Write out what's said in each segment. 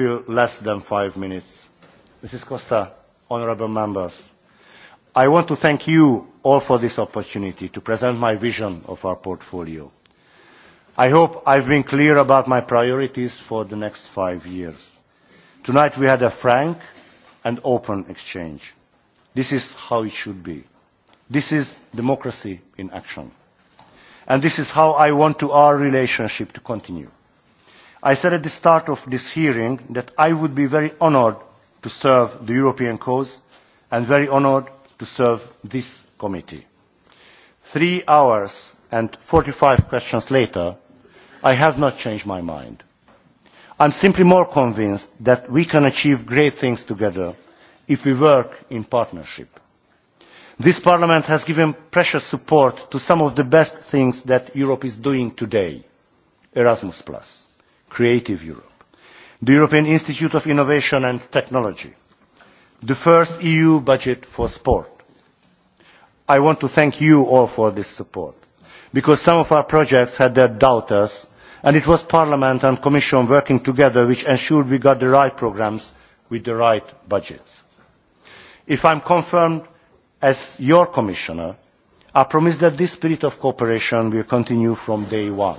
still less than five minutes. Mrs. Costa, honorable members, I want to thank you all for this opportunity to present my vision of our portfolio. I hope I've been clear about my priorities for the next five years. Tonight we had a frank and open exchange. This is how it should be. This is democracy in action. And this is how I want to our relationship to continue. I said at the start of this hearing that I would be very honored to serve the European cause and very honored to serve this committee. Three hours and 45 questions later, I have not changed my mind. I'm simply more convinced that we can achieve great things together if we work in partnership. This Parliament has given precious support to some of the best things that Europe is doing today, Erasmus+. Plus. Creative Europe, the European Institute of Innovation and Technology, the first EU budget for sport. I want to thank you all for this support, because some of our projects had their doubters, and it was Parliament and Commission working together which ensured we got the right programmes with the right budgets. If I am confirmed as your Commissioner, I promise that this spirit of cooperation will continue from day one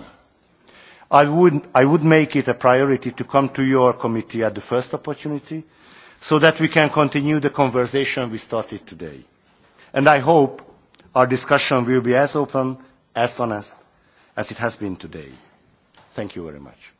I would, I would make it a priority to come to your committee at the first opportunity so that we can continue the conversation we started today. And I hope our discussion will be as open, as honest as it has been today. Thank you very much.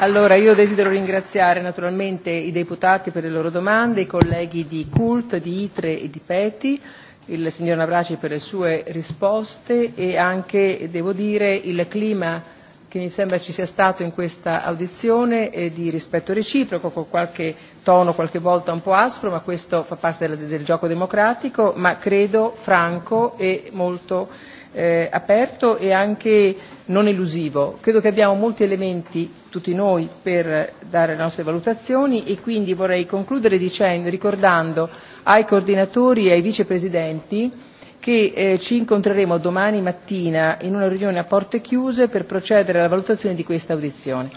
Allora io desidero ringraziare naturalmente i deputati per le loro domande, i colleghi di CULT, di ITRE e di PETI, il signor Navraci per le sue risposte e anche, devo dire, il clima che mi sembra ci sia stato in questa audizione eh, di rispetto reciproco, con qualche tono qualche volta un po' aspro, ma questo fa parte del, del gioco democratico, ma credo franco e molto eh, aperto e anche non elusivo. Credo che abbiamo molti elementi, tutti noi, per dare le nostre valutazioni e quindi vorrei concludere dicendo, ricordando ai coordinatori e ai vicepresidenti che eh, ci incontreremo domani mattina in una riunione a porte chiuse per procedere alla valutazione di questa audizione.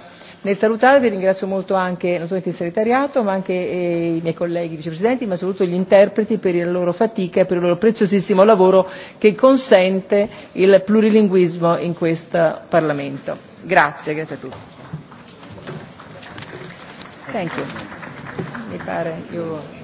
Nel salutarvi ringrazio molto anche naturalmente il segretariato, ma anche eh, i miei colleghi vicepresidenti, ma soprattutto gli interpreti per la loro fatica e per il loro preziosissimo lavoro che consente il plurilinguismo in questo Parlamento. Grazie, grazie a tutti. Thank you. Mi pare, io...